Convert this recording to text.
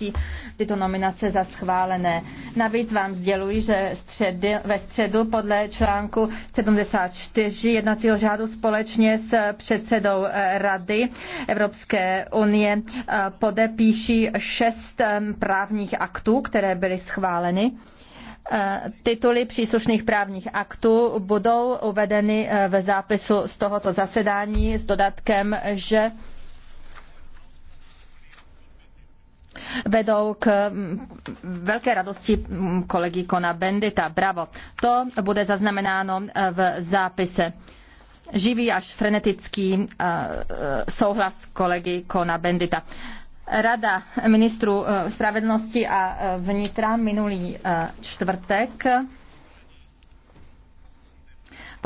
platí tyto nominace za schválené. Navíc vám sděluji, že středy, ve středu podle článku 74 jednacího řádu společně s předsedou eh, Rady Evropské unie eh, podepíší šest eh, právních aktů, které byly schváleny. Tituly příslušných právních aktů budou uvedeny v zápisu z tohoto zasedání s dodatkem, že vedou k mm, velké radosti kolegy Kona Bendita. Bravo. To bude zaznamenáno eh, v zápise živý až frenetický eh, eh, souhlas kolegy Kona Bendita. Rada ministru spravedlnosti a vnitra minulý čtvrtek